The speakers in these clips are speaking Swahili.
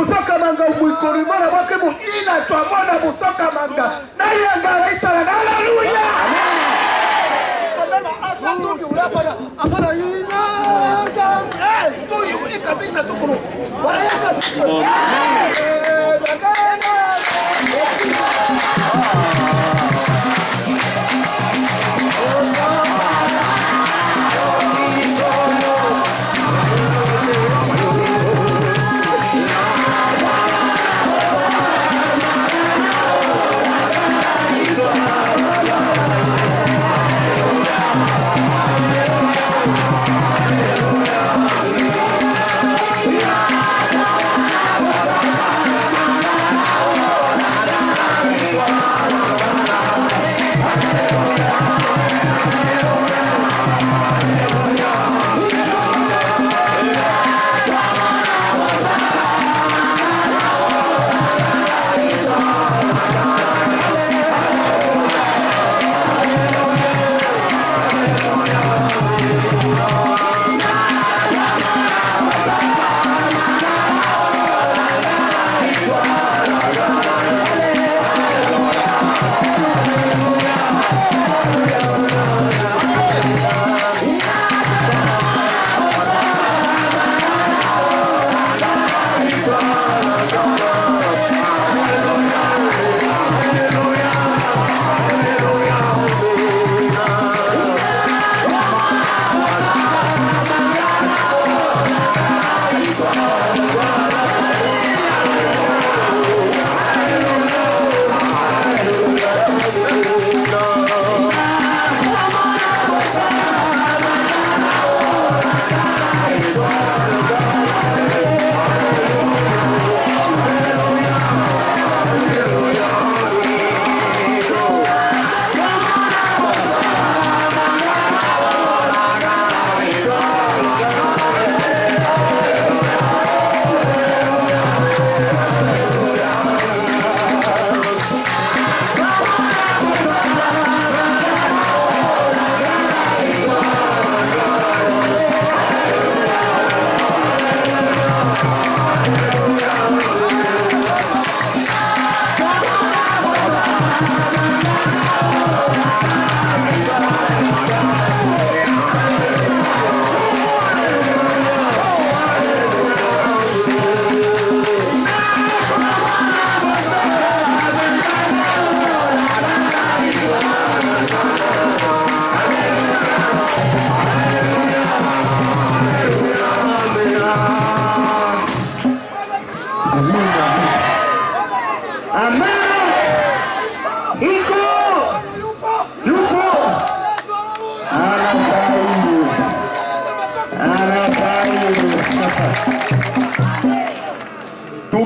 bosokamanga mwikoli mwana mwake moina twamona bosokamanga nayanga alaisala na aleluya ulapana apana yinanga tuyu ikabisa tukulu wanayasa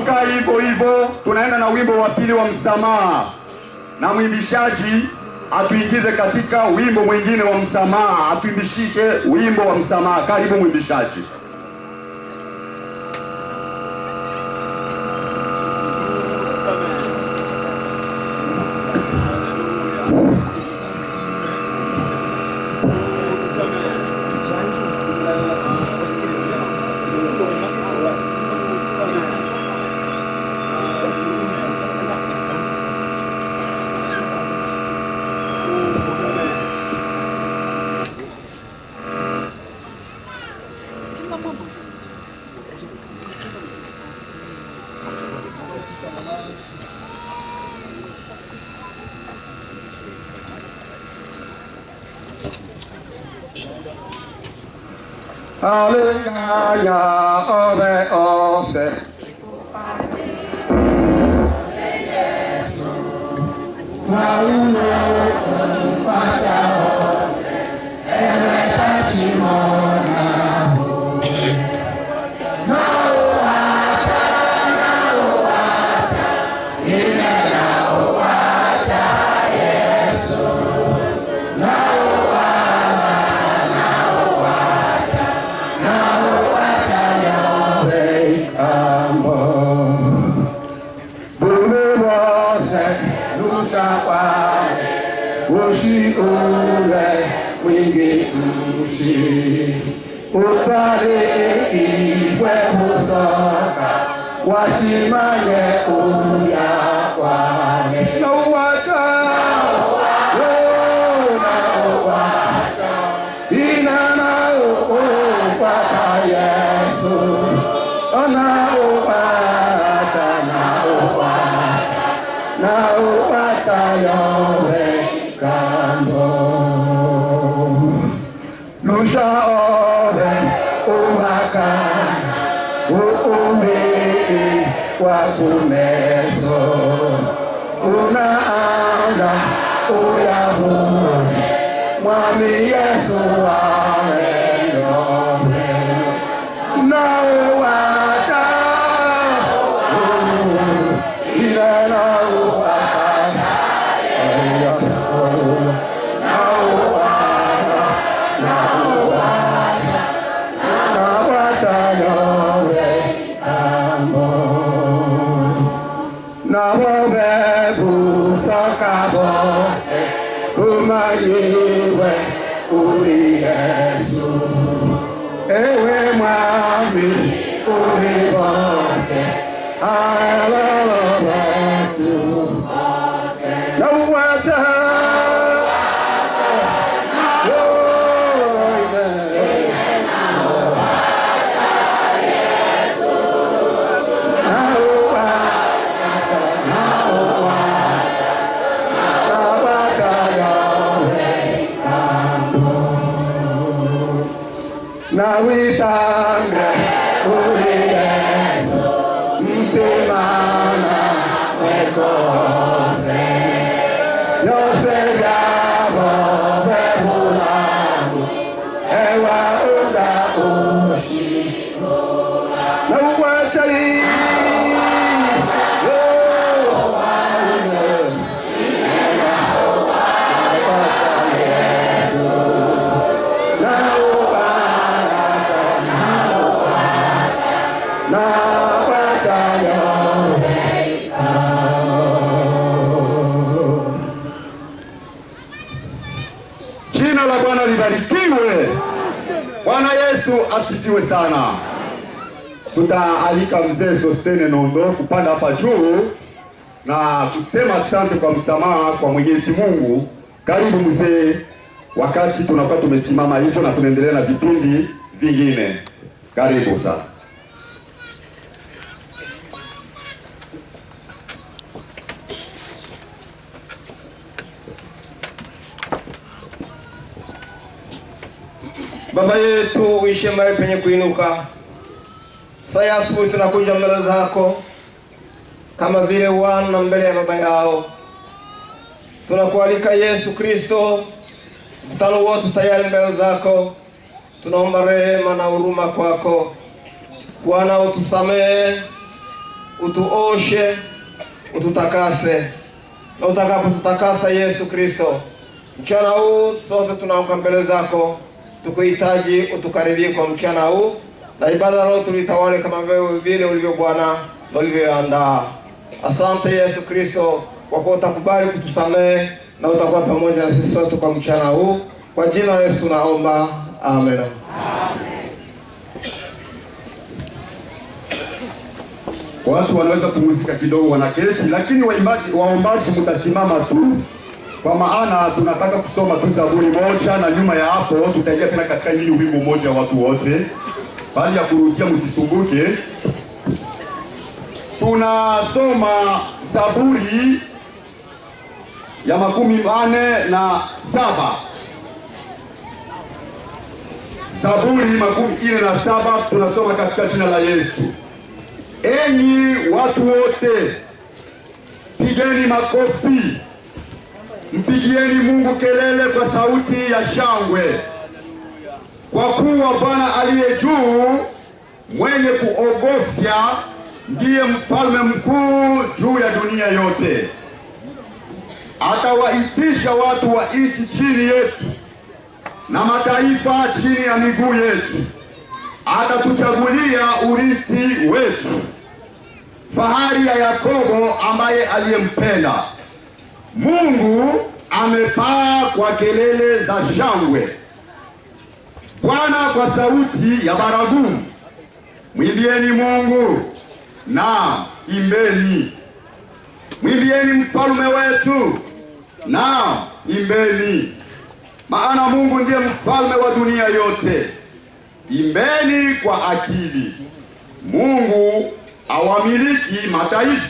tunaamka hivyo hivyo, tunaenda na wimbo wa pili wa msamaha, na mwimbishaji atuingize katika wimbo mwingine wa msamaha, atuimbishike wimbo wa msamaha. Karibu mwimbishaji. Hallelujah, oh, puxa é obra, o maca, o me, o acumeso, o na naanda, o yahu, o é sua. my new way, Uriah. Asifiwe sana. Tutaalika mzee Sostene Nondo kupanda hapa juu na kusema asante kwa msamaha kwa Mwenyezi Mungu. Karibu mzee, wakati tunakuwa tumesimama hivyo na tunaendelea na vipindi vingine. Karibu sana. Baba yetu uishe mahali penye kuinuka, saa ya asubuhi tunakuja mbele zako kama vile wana mbele ya baba yao. Tunakualika Yesu Kristo, mkutano wote tayari mbele zako. Tunaomba rehema na huruma kwako Bwana, utusamehe, utuoshe, ututakase na utakapotutakasa Yesu Kristo, mchana huu sote tunaoka mbele zako tukuhitaji utukaribie kwa mchana huu na ibada leo tulitawale kama vile ulivyo Bwana na ulivyoandaa. Asante Yesu Kristo kwa kuwa utakubali kutusamehe na utakuwa pamoja na sisi sote kwa mchana huu, kwa jina la Yesu tunaomba, amen. Watu wanaweza kupumzika kidogo, wanaketi, lakini waimbaji, waombaji mtasimama tu kwa maana tunataka kusoma tu Zaburi moja na nyuma ya hapo tutaingia tena katika injili wimbo mmoja watu wote, bali ya kurudia, msisumbuke. Tunasoma Zaburi ya makumi mane na saba Zaburi makumi ine na saba tunasoma katika jina la Yesu. Enyi watu wote, pigeni makofi Mpigieni Mungu kelele kwa sauti ya shangwe, kwa kuwa Bwana aliye juu mwenye kuogofya ndiye mfalme mkuu juu ya dunia yote. Atawaitisha watu wa nchi chini yetu na mataifa chini ya miguu yetu. Atatuchagulia urithi wetu, fahari ya Yakobo, ambaye aliyempenda Mungu amepaa kwa kelele za shangwe, Bwana kwa sauti ya baragumu. Mwimbieni Mungu na imbeni, mwimbieni mfalme wetu na imbeni, maana Mungu ndiye mfalme wa dunia yote. Imbeni kwa akili. Mungu awamiliki mataifa.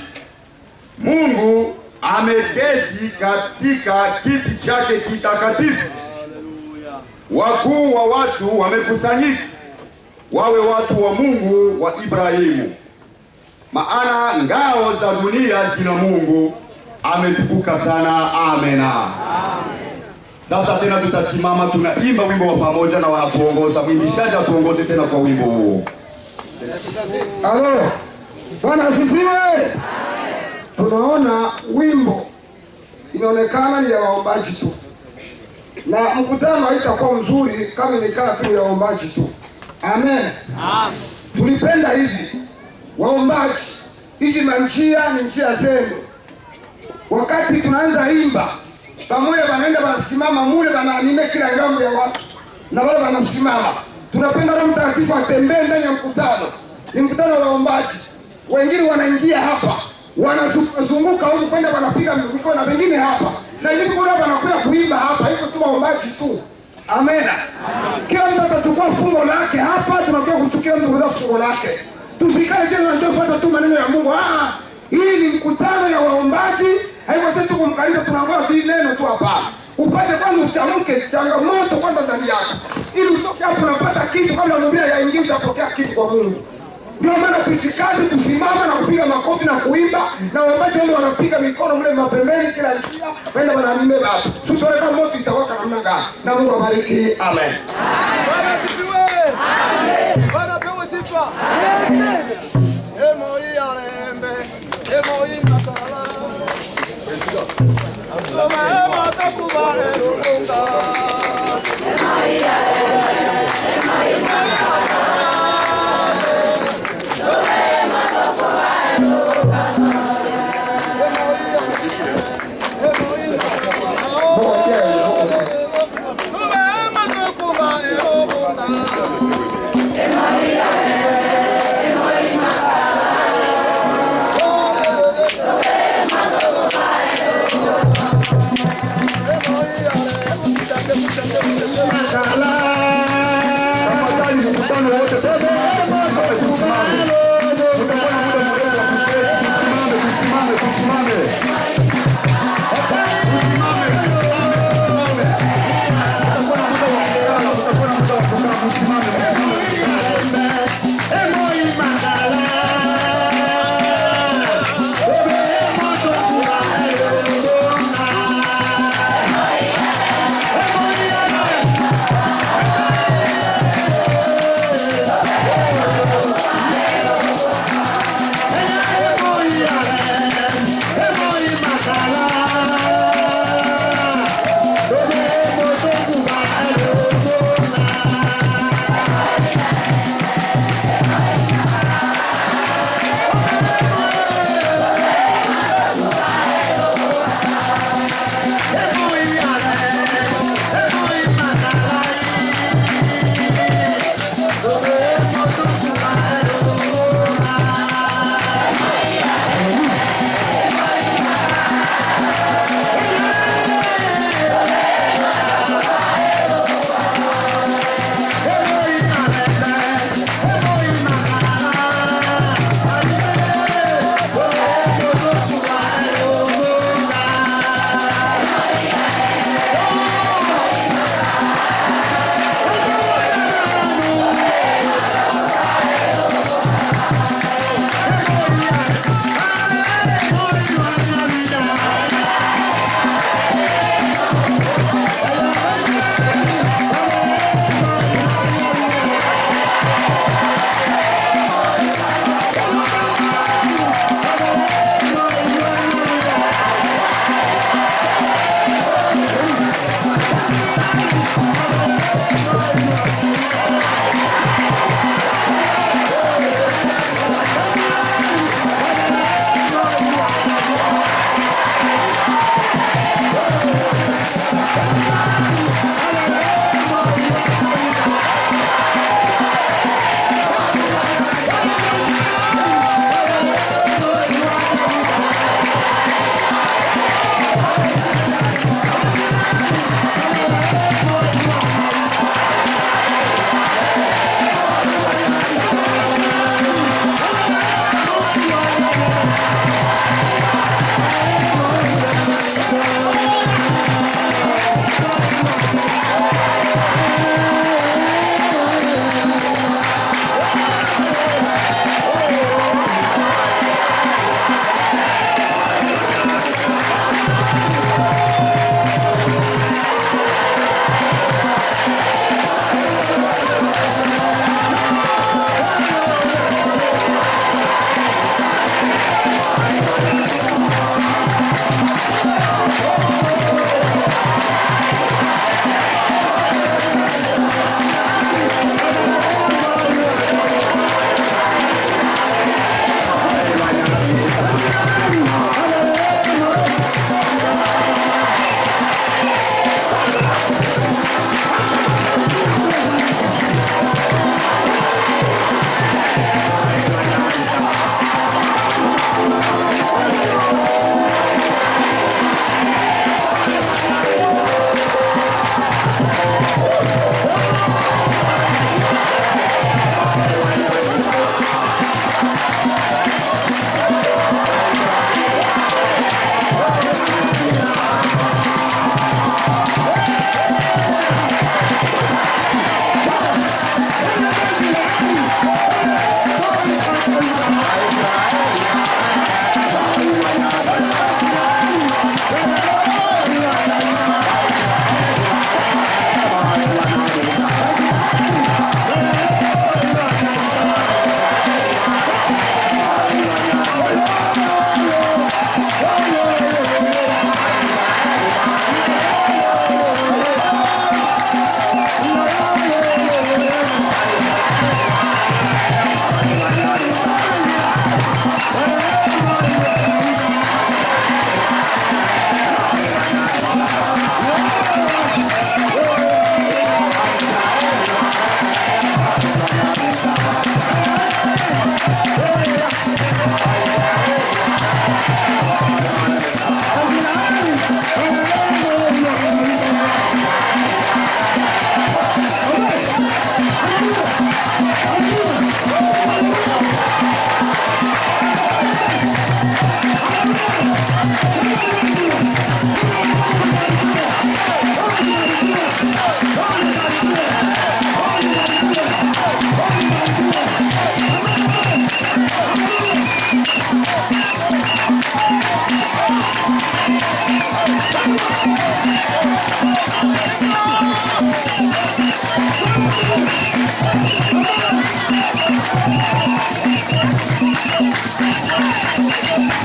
Mungu ameketi katika kiti chake kitakatifu. Wakuu wa watu wamekusanyika wawe watu wa Mungu wa Ibrahimu, maana ngao za dunia zina Mungu. Ametukuka sana, amena. Sasa tena tutasimama, tunaimba wimbo wa pamoja na wanakuongoza mwimbishaji atuongoze tena kwa wimbo huo. Halo Bwana asifiwe tunaona wimbo inaonekana ni ya waombaji tu, na mkutano haitakuwa mzuri kama nikaa tu ya waombaji tu. Amen, amen. Tulipenda hivi waombaji, hizi manjia ni njia zenu. Wakati tunaanza imba pamoja, wanaenda wanasimama mule, wanaanime kila ngambo ya watu na wale wanasimama. Tunapenda Roho Mtakatifu atembee ndani ya mkutano, ni mkutano wa waombaji. Wengine wanaingia hapa wanazungukazunguka huku kwenda wanapiga mikono na wengine hapa na nilikuwa hapa nakuja kuimba hapa, hivyo tu waombaji tu. Amena, kila mtu atachukua fungo lake hapa, tunakuja kumtukia mtu kwa fungo lake, tusikae tena ndio fuata tu maneno ya Mungu. Ah, ah, hii ni mkutano ya waombaji, haiko sisi kumkalisha, tunaongea hii neno tu hapa. Upate kwanza utamke changamoto kwanza ndani yako, ili utoke hapo unapata kitu, kabla unaambia yaingie, utapokea kitu kwa Mungu. Ndio maana sisi kazi kusimama na kupiga makofi na kuimba na waimbaji wale wanapiga mikono mle mapembeni kila njia, wenda wanamme baba. Sisi wale kama moto itawaka namna gani? Na Mungu awabariki. Amen. Bwana asifiwe. Amen. Bwana pewe sifa. Amen. Emo ya rembe. Emo ina sala. Amo emo takubale rukunga. Emo ya rembe.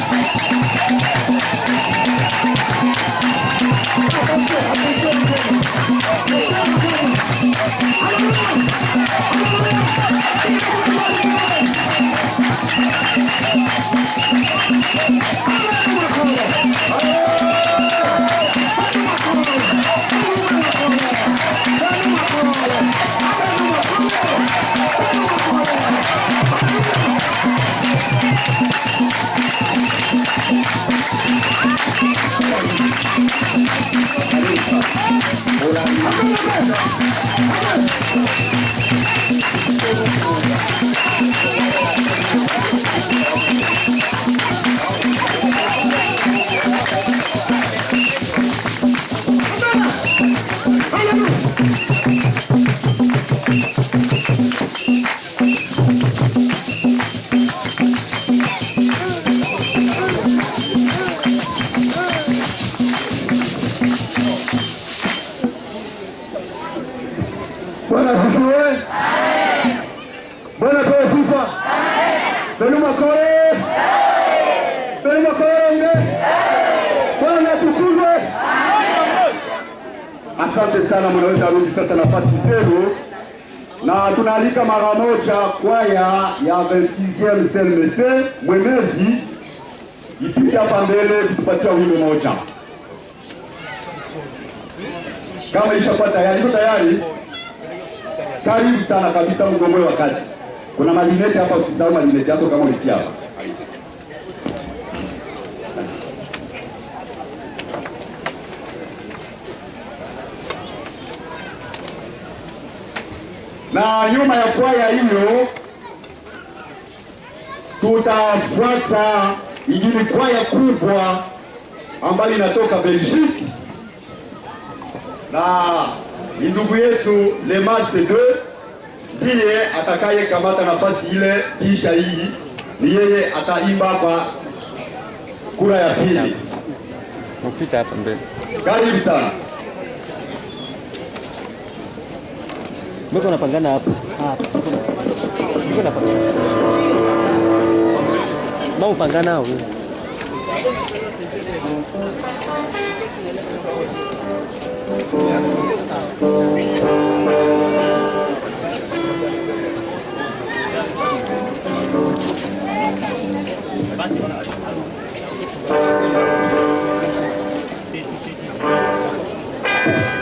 Thank you. katika maramo cha kwaya ya 26e CMC mwenezi ipite hapa mbele kutupatia wimbo moja kama ishakuwa tayari. Iko tayari? Karibu sana kabisa, mgomoe wakati kuna malineti hapa, usisahau malineti yako kama ulitia hapa na nyuma ya kwaya hiyo tutafuata ingine kwaya kubwa ambayo inatoka Belgique na ndugu yetu Lemace de ndiye atakaye kamata nafasi ile, kisha hii ni yeye ataimba kwa kura ya pili. Karibu sana. Mbona napangana hapo? Hapo. Ah, mbona napangana? Mbona napangana hapo?